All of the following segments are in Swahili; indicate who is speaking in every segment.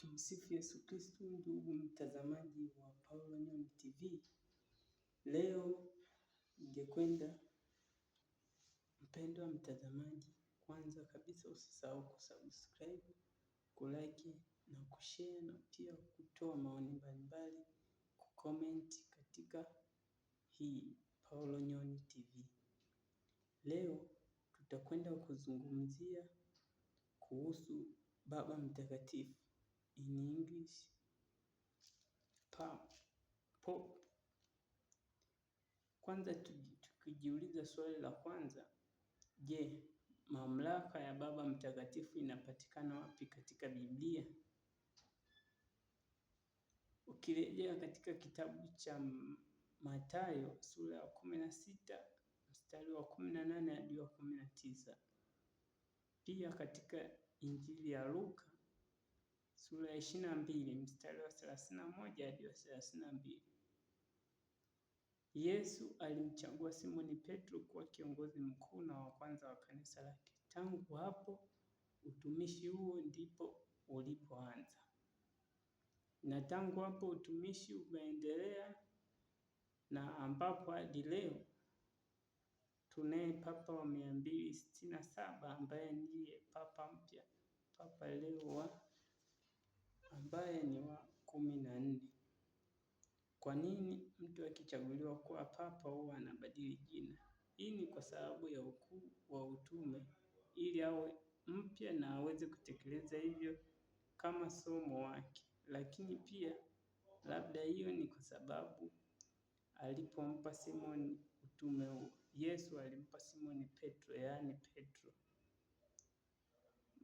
Speaker 1: Tumsifu Yesu Kristo. Ndugu mtazamaji wa Paulo Nyoni TV, leo ningekwenda, mpendwa mtazamaji, kwanza kabisa usisahau kusubscribe, kulike na kushare na pia kutoa maoni mbalimbali, kucomment katika hii Paulo Nyoni TV. Leo tutakwenda kuzungumzia kuhusu Baba Mtakatifu in English, pop, Kwanza tukijiuliza swali la kwanza, je, mamlaka ya Baba Mtakatifu inapatikana wapi katika Biblia? Ukirejea katika kitabu cha Mathayo sura ya kumi na sita mstari wa kumi na nane hadi wa kumi na tisa pia katika Injili ya Luka sura ya ishirini na mbili mstari wa thelathini na moja hadi wa thelathini na mbili. Yesu alimchagua Simoni Petro kuwa kiongozi mkuu na wa kwanza wa kanisa lake. Tangu hapo utumishi huo ndipo ulipoanza, na tangu hapo utumishi umeendelea na ambapo hadi leo tunaye papa wa mia mbili sitini na saba ambaye ndiye papa mpya, papa Leo wa ambaye ni wa kumi na nne. Kwa nini mtu akichaguliwa kuwa papa huwa anabadili jina? Hii ni kwa sababu ya ukuu wa utume ili awe mpya na aweze kutekeleza hivyo kama somo wake, lakini pia labda hiyo ni kwa sababu alipompa Simoni utume huo. Yesu alimpa Simoni Petro, yaani Petro.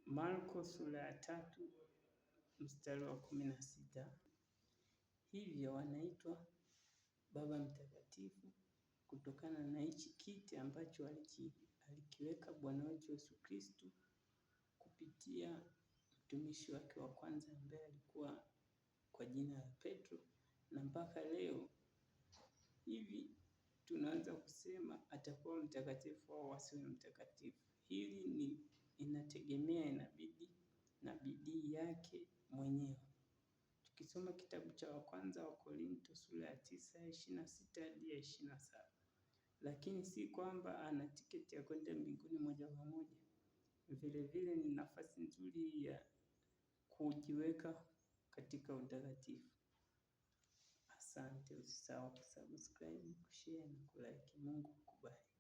Speaker 1: Marko sura ya tatu mstari wa kumi na sita hivyo wanaitwa Baba Mtakatifu kutokana na hichi kiti ambacho alikiweka Bwana wetu Yesu Kristo kupitia mtumishi wake wa kwanza ambaye alikuwa kwa jina la Petro, na mpaka leo hivi tunaweza kusema atakuwa mtakatifu au wasiwe mtakatifu. Hili ni inategemea inabidi na bidii yake mwenyewe. Tukisoma kitabu cha wa kwanza wa Korinto sura ya tisa ya ishirini na sita hadi ya ishirini na saba lakini si kwamba ana tiketi ya kwenda mbinguni moja kwa moja. Vilevile ni nafasi nzuri ya kujiweka katika utakatifu. Asante, usisahau kusubscribe, kushare na kulike. Mungu akubariki.